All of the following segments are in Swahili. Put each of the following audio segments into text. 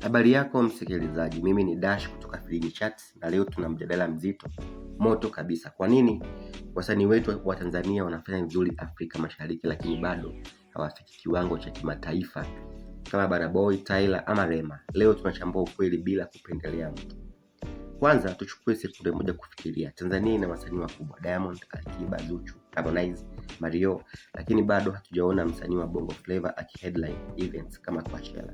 Habari yako msikilizaji, mimi ni Dash kutoka Filingi na leo tuna mjadala mzito moto kabisa. Kwa nini wasanii wetu wa Tanzania wanafanya vizuri Afrika Mashariki lakini bado hawafiki kiwango cha kimataifa kama Banaboy, Tyla ama Rema? Leo tunachambua ukweli bila kupendelea mtu. Kwanza tuchukue sekunde moja kufikiria, Tanzania ina wasanii wakubwa Diamond, Alikiba, Zuchu, Harmonize, Mario, lakini bado hatujaona msanii wa Bongo Flava akiheadline events kama Coachella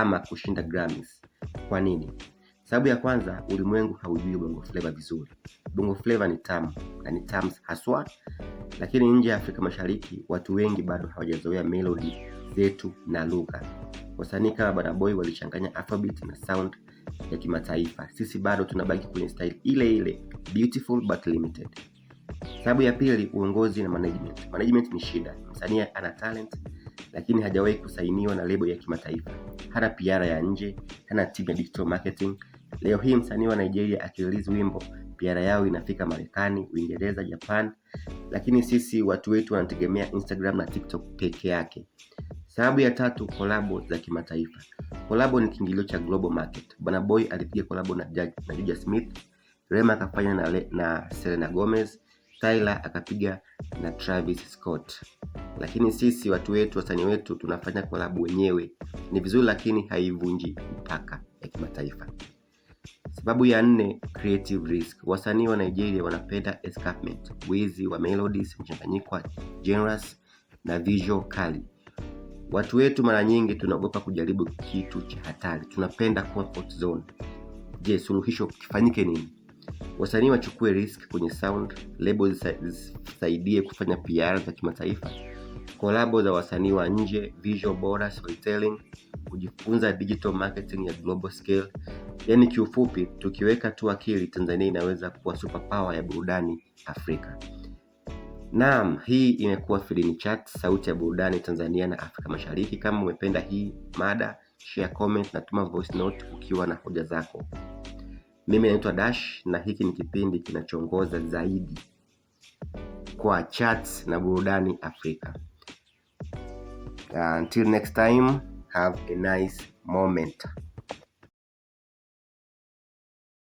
ama kushinda Grammys. Kwa nini? Sababu ya kwanza, ulimwengu haujui bongo fleva vizuri. Bongo fleva ni tamu na ni tamu haswa, lakini nje ya Afrika Mashariki watu wengi bado hawajazoea melodi zetu na lugha. Wasanii kama Banaboy walichanganya alphabet na sound ya kimataifa, sisi bado tunabaki kwenye style ile ile, beautiful but limited. Sababu ya pili, uongozi na management. Management ni shida. Msanii ana talent lakini hajawahi kusainiwa na lebo ya kimataifa, hana PR ya nje, hana timu ya digital marketing. Leo hii msanii wa Nigeria akirelease wimbo PR yao inafika Marekani, Uingereza, Japan, lakini sisi watu wetu wanategemea Instagram na TikTok peke yake. Sababu ya tatu, kolabo za kimataifa. Kolabo ni kiingilio cha global market. Bwana Boy alipiga kolabo na Juja Smith, Rema akafanya na, na Selena Gomez Tyla akapiga na Travis Scott. Lakini sisi watu wetu, wasanii wetu tunafanya kolabu wenyewe, ni vizuri, lakini haivunji mpaka ya kimataifa. Sababu ya nne, creative risk. Wasanii wa Nigeria wanapenda escapement, wizi wa melodies, mchanganyiko wa generous na visual kali. Watu wetu mara nyingi tunaogopa kujaribu kitu cha hatari, tunapenda comfort zone. Je, suluhisho kifanyike nini? Wasanii wachukue risk kwenye sound, label zisaidie kufanya PR za kimataifa, kolabo za wasanii wa nje, visual bora, storytelling, kujifunza digital marketing ya global scale. Yaani kiufupi, tukiweka tu akili, Tanzania inaweza kuwa superpower ya burudani Afrika. Naam, hii imekuwa filini Chat, sauti ya burudani Tanzania na Afrika Mashariki. Kama umependa hii mada, share comment na tuma voice note ukiwa na hoja zako. Mimi naitwa Dash na hiki ni kipindi kinachoongoza zaidi kwa chat na burudani Afrika. Until next time, have a nice moment.